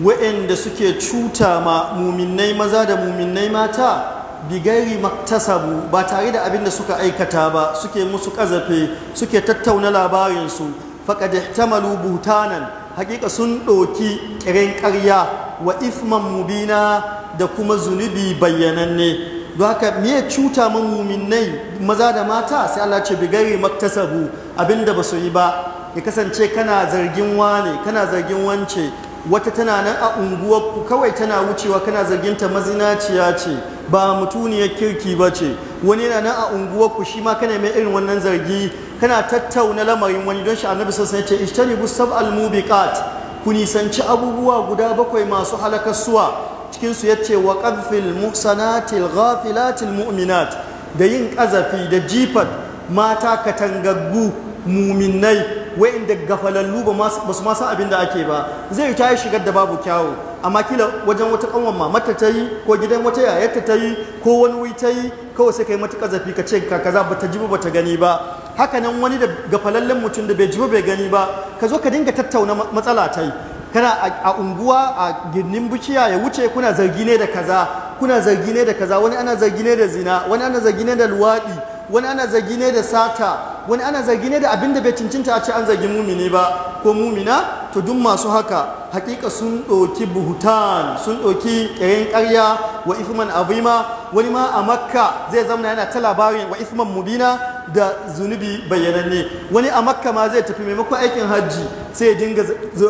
wa'anda suke cuta ma muminai maza da muminai mata bigari maktasabu ba tare da abin da suka aikata ba suke musu kazafe suke tattauna labarinsu faqad ihtamalu buhtanan hakika sun ɗoki ƙirin ƙarya wa ifman mubina da kuma zunubi bayyananne don haka me cuta ma muminai maza da mata sai Allah ce bigairi maktasabu abinda ba su yi ba ya kasance kana zargin wane kana zargin wance wata tana nan a unguwarku kawai tana wucewa kana ta mazinaciya ce ba mutuniyar kirki ba ce wani yana nan a unguwarku shi ma kana mai irin wannan zargi kana tattauna lamarin wani don shi annabi sassan ya ce ishtaribu al mubiqat ku nisanci abubuwa guda bakwai masu suwa cikin su yace wa qadfil muhsanatil ghafilatil mu'minat da yin kazafi da jifat mata katangaggu muminai wa'inda gafalallu ba su ma abin da ake ba zai ta yi shigar da babu kyawu amma kila wajen wata kanwan mamata ta yi ko gidan wata yayarta ta yi ko wani wuyi ta yi kawai sai ka yi mata kazafi ka ce ka kaza ba ta ji ba ta gani ba haka nan wani da gafalallen mutum da bai ji bai gani ba ka zo ka dinga tattauna matsala ta yi kana a unguwa a ginin bukiya ya wuce kuna zargi ne da kaza kuna zargi da kaza wani ana zargi da zina wani ana zargi ne da luwaɗi wani ana zargi ne da sata wani ana zargi ne da abin da bai cincinta a ce an zargi mumini ba ko mumina to duk masu haka hakika sun ɗauki buhutan sun ɗauki ƙirin ƙarya wa ifman abima wani ma a makka zai zama yana ta labarin wa ifman mubina da zunubi bayyananne wani a makka ma zai tafi maimakon aikin hajji sai ya dinga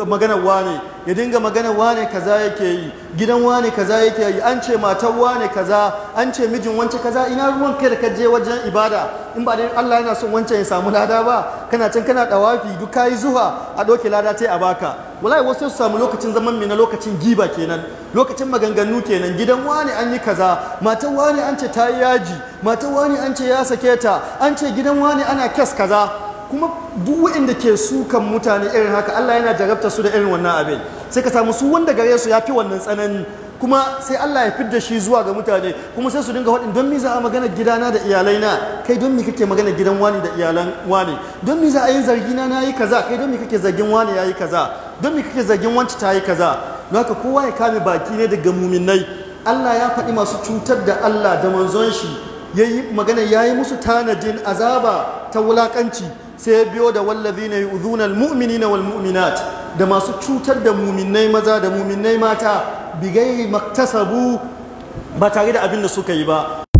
maganar wane ya dinga maganar wane kaza yake yi gidan wane kaza yake yi an ce matar wane kaza an ce mijin wance kaza ina ruwan kai da ka je wajen ibada in ba dai Allah yana son wancan ya samu lada ba kana can kana dawafi duk kayi zuwa. a doke lada ce a baka wallahi wasu su samu lokacin zaman mai na lokacin giba kenan lokacin maganganu kenan gidan wane an yi kaza matar wane an ce ta yi yaji matar wane an ce ya sake ta an ce gidan wane ana kes kaza kuma duk waɗanda ke sukan mutane irin haka Allah yana jarabta su da irin wannan abin sai ka samu su wanda gare su ya fi wannan tsanani kuma sai Allah ya da shi zuwa ga mutane kuma sai su dinga faɗin don mi za a magana gidana da iyalaina kai don mi kake magana gidan wani da iyalan wani don mi za a yi zargina na yi kaza kai don mi kake zargin wani ya yi kaza don mi kake zargin wanci ta yi kaza don haka kowa ya kame baki ne daga muminai Allah ya faɗi masu cutar da Allah da manzon shi ya yi magana ya yi musu tanajin azaba ta wulakanci sai ya biyo da wallazi na yu'zuna mu'mini na walmuminat da masu cutar da muminai maza da muminai mata bigai maktasabu ba tare da abin da suka yi ba